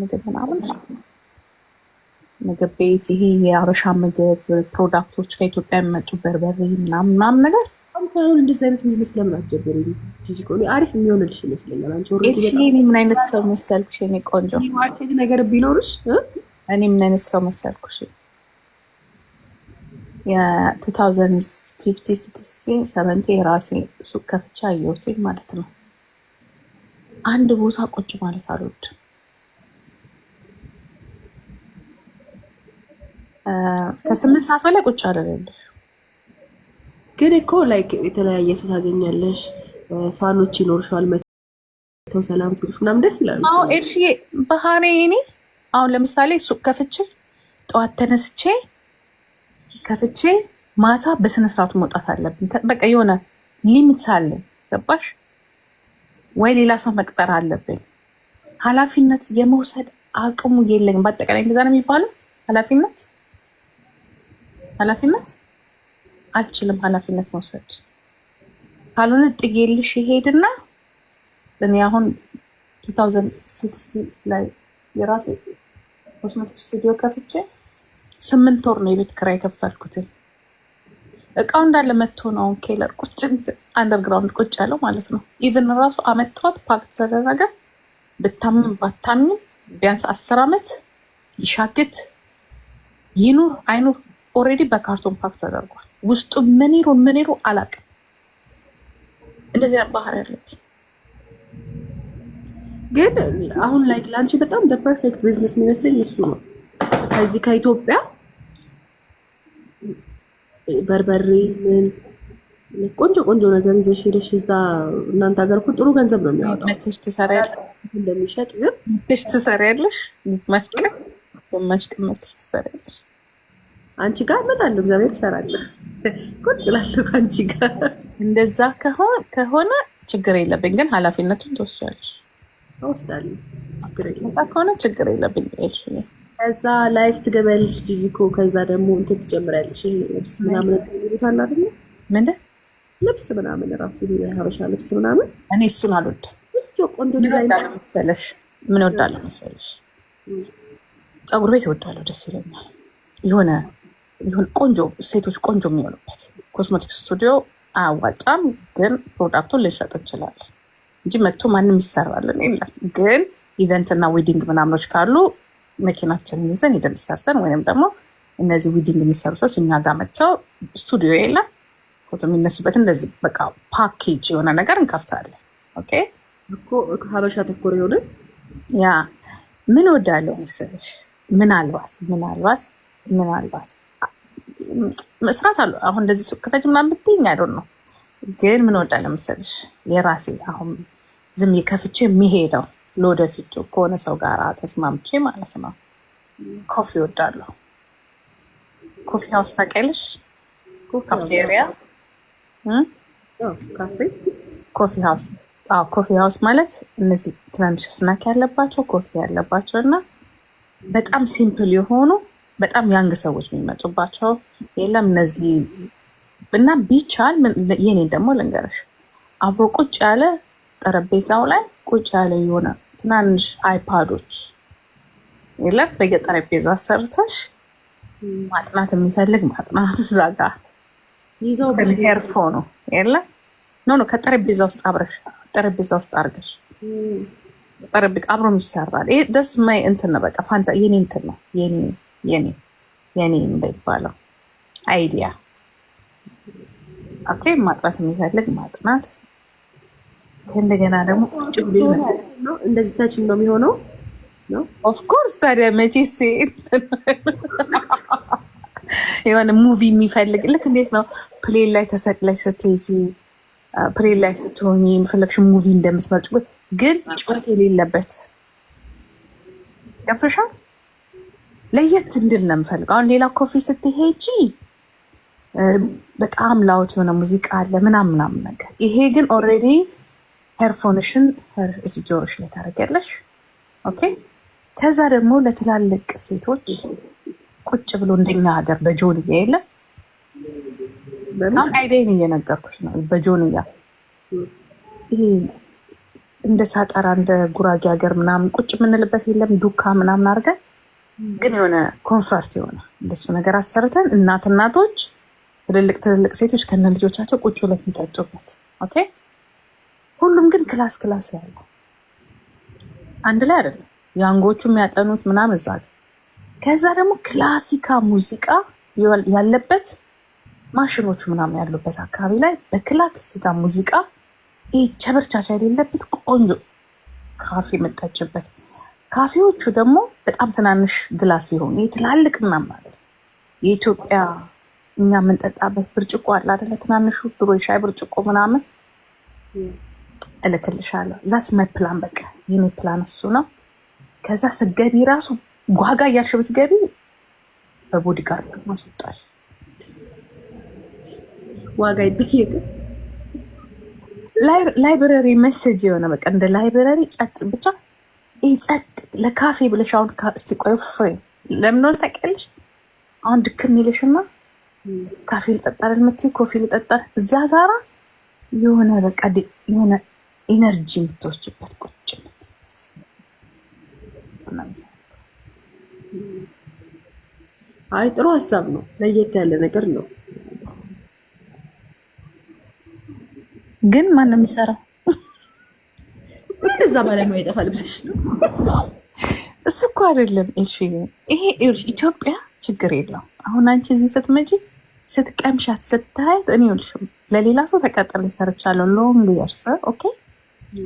ምግብ ምናምን ምግብ ቤት ይሄ የአበሻ ምግብ ፕሮዳክቶች ከኢትዮጵያ የሚመጡ በርበሬ ምናምን ምናምን ነገር ሳይሆን እንደዚህ አይነት ቢዝነስ ለምን አትጀምሪ? ፊዚኮ አሪፍ የሚሆንልሽ ይመስለኛል። አንቺ ምን አይነት ሰው መሰልኩሽ? የእኔ ቆንጆ ማርኬት ነገር ቢኖርሽ እኔ ምን አይነት ሰው መሰልኩሽ? የ ታውዘንድ ፊፍቲ ሲክስቲ ሰቨንቲ የራሴ ሱቅ ከፍቻ አየሁትኝ ማለት ነው። አንድ ቦታ ቁጭ ማለት አልወድም። ከስምንት ሰዓት በላይ ቁጭ አደረለሽ። ግን እኮ ላይክ የተለያየ ሰው ታገኛለሽ፣ ፋኖች ይኖርሻል፣ መተው ሰላም ሲሉሽ ምናምን ደስ ይላሉ። አሁን ኤልሽዬ ባህሪ እኔ አሁን ለምሳሌ ሱቅ ከፍቼ ጠዋት ተነስቼ ከፍቼ ማታ በስነስርዓቱ መውጣት አለብኝ። በቃ የሆነ ሊሚት አለኝ፣ ገባሽ ወይ? ሌላ ሰው መቅጠር አለብኝ። ኃላፊነት የመውሰድ አቅሙ የለኝም። በአጠቃላይ እንደዛ ነው የሚባለው ኃላፊነት ኃላፊነት አልችልም። ኃላፊነት መውሰድ ካልሆነ ጥጌልሽ ይሄድና እኔ አሁን 2016 ላይ የራሴ ኮስሞቲክ ስቱዲዮ ከፍቼ ስምንት ወር ነው የቤት ኪራይ የከፈልኩትን እቃው እንዳለ መጥቶ ነው አሁን ኬለር ቁጭ አንደርግራውንድ ቁጭ ያለው ማለት ነው። ኢቨን ራሱ አመጣት ፓክ ተደረገ። ብታምንም ባታምንም ቢያንስ አስር አመት ይሻግት ይኑር አይኑር ኦሬዲ በካርቶን ፓክ ተደርጓል። ውስጡ መኒሩን መኒሩ አላውቅም። እንደዚህ ባህር ያለች ግን አሁን ላይ ለአንቺ በጣም በፐርፌክት ቢዝነስ የሚመስለኝ እሱ ነው። ከዚህ ከኢትዮጵያ በርበሬ ምን ቆንጆ ቆንጆ ነገር ይዘሽ ሄደሽ እዛ እናንተ ሀገር እኮ ጥሩ ገንዘብ ነው የሚያወጣው። መተሽ ትሰሪያለሽ፣ እንደሚሸጥ ግን መተሽ ትሰሪያለሽ። ግማሽ ቀን መተሽ ትሰሪያለሽ። አንቺ ጋር እመጣለሁ። እግዚአብሔር ትሰራለህ፣ ቁጭ እላለሁ ከአንቺ ጋር። እንደዛ ከሆነ ችግር የለብኝ፣ ግን ኃላፊነቱን ትወስጃለሽ። እወስዳለሁ፣ ከሆነ ችግር የለብኝ። ከዛ ላይፍ ትገበልሽ ጂጂኮ። ከዛ ደግሞ እንትን ትጨምሪያለሽ፣ ልብስ ምናምን ታላ ደግሞ ምንድን ልብስ ምናምን ራሱ ሀበሻ ልብስ ምናምን። እኔ እሱን አልወድም። ቆንጆ ዲዛይን መሰለሽ፣ ምን ወዳለ መሰለሽ፣ ፀጉር ቤት ወዳለሁ፣ ደስ ይለኛል የሆነ ይሁን ቆንጆ ሴቶች ቆንጆ የሚሆኑበት ኮስሞቲክ ስቱዲዮ አያዋጣም፣ ግን ፕሮዳክቱን ልንሸጥ እንችላለን እንጂ መጥቶ ማንም ይሰራልን የለም። ግን ኢቨንትና ዊዲንግ ምናምኖች ካሉ መኪናችንን ይዘን ሄደን ሰርተን ወይም ደግሞ እነዚህ ዊዲንግ የሚሰሩ ሰዎች እኛ ጋር መጥተው ስቱዲዮ የለም ፎቶ የሚነሱበት እንደዚህ በቃ ፓኬጅ የሆነ ነገር እንከፍታለን። ኦኬ ሀበሻ ተኮር የሆነ ያ ምን ወዳለው መሰለሽ ምናልባት ምናልባት ምናልባት መስራት አለ። አሁን እንደዚህ ሱቅ ክፈች ምናምን ብትይኝ አይደል ነው። ግን ምን እወዳለሁ መሰለሽ የራሴ አሁን ዝም ከፍቼ የሚሄደው ለወደፊቱ ከሆነ ሰው ጋር ተስማምቼ ማለት ነው። ኮፊ ወዳለሁ። ኮፊ ሀውስ ታውቂያለሽ? ካፍቴሪያ፣ ኮፊ ሀውስ። ኮፊ ሀውስ ማለት እነዚህ ትናንሽ ስናክ ያለባቸው ኮፊ ያለባቸው እና በጣም ሲምፕል የሆኑ በጣም ያንግ ሰዎች የሚመጡባቸው የለም እነዚህ እና ቢቻል የኔን ደግሞ ልንገርሽ አብሮ ቁጭ ያለ ጠረጴዛው ላይ ቁጭ ያለ የሆነ ትናንሽ አይፓዶች የለም በየጠረጴዛ ሰርተሽ ማጥናት የሚፈልግ ማጥናት እዛ ሄርፎ ነው የለ ኖ ኖ ከጠረጴዛ ውስጥ አብረሽ ጠረጴዛ ውስጥ አርገሽ አብሮም ይሰራል። ደስ ማይ እንትን ነው በቃ ፋንታ የኔ እንትን ነው የኔ የኔ የኔ እንደሚባለው አይዲያ ኦኬ። ማጥናት የሚፈልግ ማጥናት፣ እንደገና ደግሞ ቁጭ ብሎ እንደዚህ ታች ነው የሚሆነው። ኦፍኮርስ ታዲያ መቼ የሆነ ሙቪ የሚፈልግ ልክ እንዴት ነው ፕሌን ላይ ተሰቅለሽ ስትሄጂ ፕሌን ላይ ስትሆኝ የሚፈለግሽ ሙቪ እንደምትመርጭበት ግን ጩኸት የሌለበት ገብቶሻል። ለየት እንድል ነው የምፈልገው። አሁን ሌላ ኮፊ ስትሄጂ በጣም ላውት የሆነ ሙዚቃ አለ ምናምን ምናም ነገር። ይሄ ግን ኦልሬዲ ሄርፎንሽን እዚ ጆሮሽ ላይ ታደርጊያለሽ። ኦኬ። ከዛ ደግሞ ለትላልቅ ሴቶች ቁጭ ብሎ እንደኛ ሀገር በጆንያ የለም። አሁን አይዲያን እየነገርኩሽ ነው። በጆንያ ይሄ እንደ ሳጠራ እንደ ጉራጌ ሀገር ምናምን ቁጭ የምንልበት የለም ዱካ ምናምን አድርገን ግን የሆነ ኮንሰርት የሆነ እንደሱ ነገር አሰርተን እናት እናቶች ትልልቅ ትልልቅ ሴቶች ከነ ልጆቻቸው ቁጭ ብለው የሚጠጡበት ኦኬ። ሁሉም ግን ክላስ ክላስ ያሉ አንድ ላይ አይደለም። ያንጎቹ የሚያጠኑት ምናምን እዛ ጋር፣ ከዛ ደግሞ ክላሲካ ሙዚቃ ያለበት ማሽኖቹ ምናምን ያሉበት አካባቢ ላይ በክላሲካ ሙዚቃ ይህ ቸበርቻቻ የሌለበት ቆንጆ ካፌ የምጠጭበት ካፌዎቹ ደግሞ በጣም ትናንሽ ግላስ ሲሆኑ የትላልቅ ምናምን ማለት የኢትዮጵያ እኛ የምንጠጣበት ብርጭቆ አለ አይደለ? ትናንሹ ድሮ የሻይ ብርጭቆ ምናምን እልክልሻለሁ። ዛስ ማይ ፕላን፣ በቃ የኔ ፕላን እሱ ነው። ከዛ ስገቢ ራሱ ጓጋ እያልሽ ብትገቢ በቦዲ ጋርድ ማስወጣል ዋጋ ይጠየቅ። ላይብረሪ መሰጅ የሆነ በቃ እንደ ላይብረሪ ጸጥ ብቻ ጸጥ ለካፌ ብለሽ አሁን እስቲ ቆይ እፎይ ለምን ሆነ ታውቂያለሽ? አሁን ድክም ይልሽና ካፌ ልጠጣል የምትይው ኮፊ ልጠጣል እዛ ጋራ የሆነ በቃ የሆነ ኢነርጂ የምትወስጅበት ቁጭ የምትይበት አይ ጥሩ ሀሳብ ነው። ለየት ያለ ነገር ነው። ግን ማን ነው የሚሰራው? ከዛ ባለሙያ ይጠፋል ብለሽ ነው? እሱ እኮ አይደለም እሺ ይሄ ኢትዮጵያ ችግር የለው። አሁን አንቺ እዚህ ስትመጪ ስትቀምሻት ስታያት፣ እኔ ልሽ ለሌላ ሰው ተቀጥሬ ሰርቻለሁ ሎንግ የርስ ኦኬ፣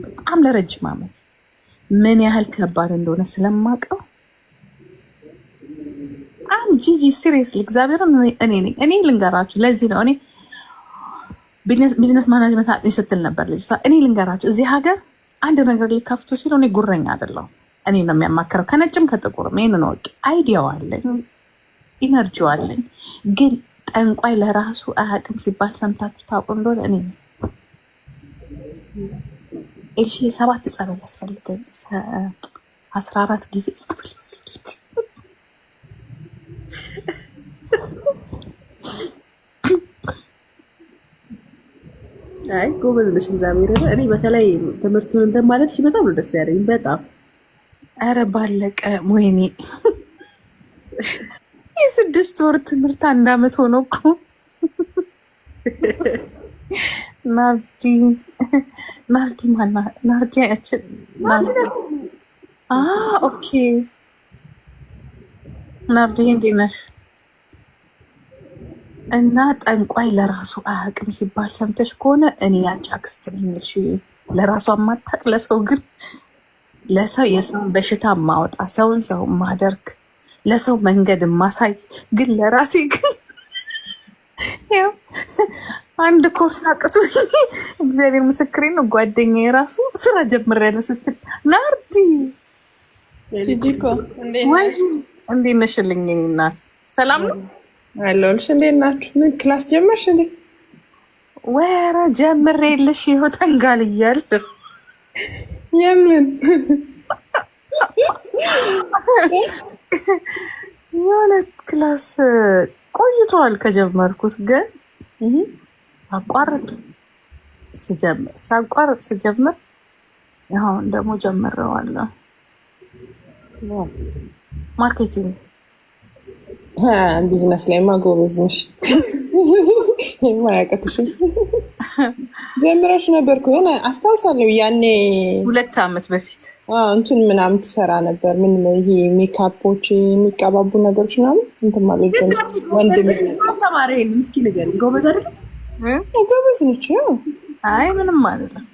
በጣም ለረጅም ዓመት ምን ያህል ከባድ እንደሆነ ስለማውቀው በጣም ጂጂ ሲሪየስ እግዚአብሔርን እኔ ነኝ እኔ ልንገራችሁ። ለዚህ ነው እኔ ቢዝነስ ማናጅመንት ስትል ነበር ልጅቷ። እኔ ልንገራችሁ እዚህ ሀገር አንድ ነገር ሊከፍቱ ሲል እኔ ጉረኛ አይደለሁ። እኔ ነው የሚያማክረው ከነጭም ከጥቁርም። ይህን ወቂ አይዲያው አለኝ፣ ኢነርጂው አለኝ። ግን ጠንቋይ ለራሱ አያቅም ሲባል ሰምታችሁ ታውቁ እንደሆነ እኔ ነው ኤልሺ ሰባት ጸበል ያስፈልገኝ አስራ አራት ጊዜ ጸበል ያስፈልገኝ አይ ጎበዝ ነሽ እግዚአብሔር ይመስገን። እኔ በተለይ ትምህርቱን እንትን ማለት እሺ፣ በጣም ነው ደስ ያለኝ። በጣም አረ ባለቀ ወይኔ፣ የስድስት ወር ትምህርት አንድ አመት ሆኖ እኮ ናርዲ ናርዲ ማና ናርዲ ያችን ኦኬ ናርዲ እንዴት ነሽ? እና ጠንቋይ ለራሱ አያውቅም ሲባል ሰምተሽ ከሆነ እኔ ያንቺ አክስት ነኝ ለራሱ አማታቅ ለሰው ግን ለሰው የሰው በሽታ ማወጣ ሰውን ሰው ማደርግ ለሰው መንገድ ማሳይ ግን ለራሴ ግን አንድ ኮርስ አቅቱ እግዚአብሔር ምስክሬ ነው። ጓደኛ የራሱ ስራ ጀምሬያለሁ ስትል ናርዲ እንዴት ነሽልኝ? እናት ሰላም ነው። አለሁልሽ። እንዴት ናችሁ? ምን ክላስ ጀመርሽ እንዴ? ወረ ጀምር የለሽ ይኸው ተንጋል እያል የምን የሆነ ክላስ ቆይተዋል ከጀመርኩት፣ ግን አቋርጥ ስጀምር ሳቋርጥ ስጀምር አሁን ደግሞ ጀምረዋለሁ ማርኬቲንግ ቢዝነስ ላይማ ጎበዝ ነሽ። የማያውቀትሽም ጀምረሽ ነበርኩ የሆነ አስታውሳለሁ። ያኔ ሁለት ዓመት በፊት እንትን ምናምን ትሰራ ነበር። ምን ይሄ ሜካፖች የሚቀባቡ ነገሮች ምናምን እንትን ማለት ወንድም ተማሪ ምስኪ ነገር ጎበዝ አይደል? ጎበዝ ነች። አይ ምንም አይደለም።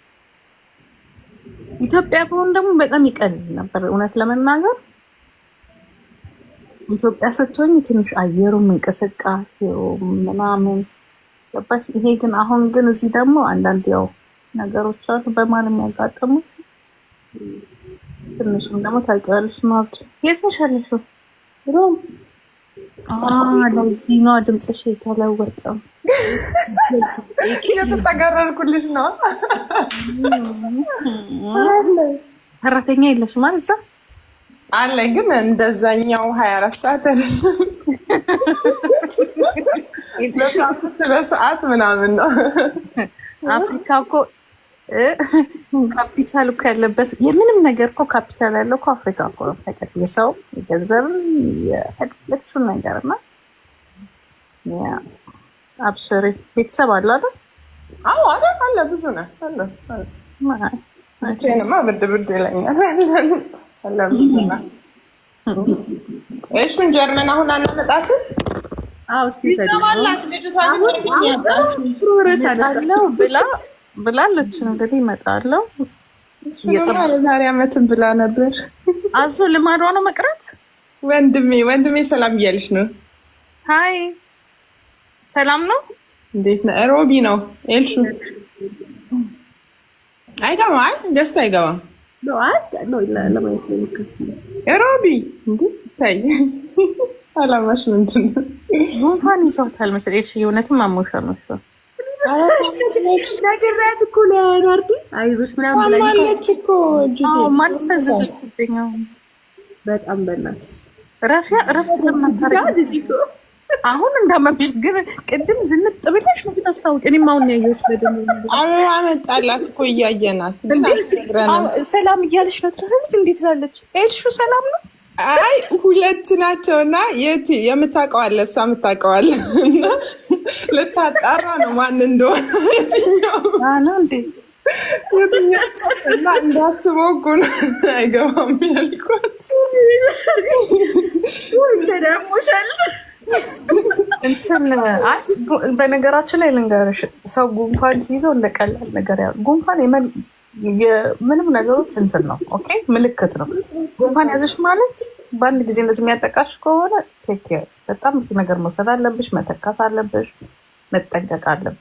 ኢትዮጵያ ከሆን ደግሞ በጣም ይቀል ነበር እውነት ለመናገር ኢትዮጵያ ስትሆኝ ትንሽ አየሩም እንቅስቃሴው ምናምን ገባሽ። ይሄ ግን አሁን ግን እዚህ ደግሞ አንዳንድ ያው ነገሮች አሉ በማል የሚያጋጥሙሽ ትንሽም ደግሞ ታውቂዋለሽ። ማብድ የት ሮም። ለዚህ ነው ድምፅሽ የተለወጠው። የተጠጋረርኩልሽ ነው። ሰራተኛ የለሽ ማለት እዛ አለ ግን እንደዛኛው ሀያ አራት ሰዓት በሰዓት ምናምን ነው። አፍሪካ እኮ ካፒታል እኮ ያለበት የምንም ነገር እኮ ካፒታል ያለው እኮ አፍሪካ እኮ ነው። ፈቀድ የሰው የገንዘብ የፈለግሽውን ነገር ና አብሽሪ ቤተሰብ አለ አለ አዎ አለ አለ ብዙ ነ አለ ብርድ ብርድ ይለኛል እሹን ጀርመን አሁን አናመጣትም። ብላ ብላለች። እንግዲህ እመጣለሁ ዛሬ አመትን ብላ ነበር። አዞ ልማዷ ነው መቅረት። ወንድሜ ወንድሜ ሰላም እያለች ነው። ሀይ ሰላም ነው። እንዴት ነህ? ሮቢ ነው ኤልሹ አይገባ አይ ደስታ አይገባም ሮቢ ታይ አላማሽ ምንድን ነው? ጉንፋን ይሰውታል መሰለኝ። የእውነትም አሞሻ ነው ነገራት እኮ ለናርዲ አይዞሽ ምናምን ብላለች እኮ ማለት በጣም በእናትሽ ረፊያ ረፍት ለማታረግ አሁን እንዳመምሽ ግን ቅድም ዝንጥ ብለሽ ነው ግን እኔም አሁን ያየሁሽ በደም አበባ መጣላት እኮ እያየናት ሰላም እያለች ነው ትላለች። እንዴት ትላለች ኤልሹ ሰላም ነው። አይ ሁለት ናቸውና እና የት የምታውቀዋለ እሷ የምታውቀዋለ እና ልታጣራ ነው ማን እንደሆነ የትኛው የትኛው እና እንዳስበው እኮ ነው አይገባም ያልኳት ደግሞ ሸልት እንትን አይ በነገራችን ላይ ልንገርሽ፣ ሰው ጉንፋን ሲይዘው እንደ ቀላል ነገር ያ ጉንፋን ምንም ነገሮች እንትን ነው። ኦኬ ምልክት ነው። ጉንፋን ያዘሽ ማለት በአንድ ጊዜ እንደዚህ የሚያጠቃሽ ከሆነ ቴክ በጣም ብዙ ነገር መውሰድ አለብሽ፣ መተካት አለብሽ፣ መጠንቀቅ አለብሽ።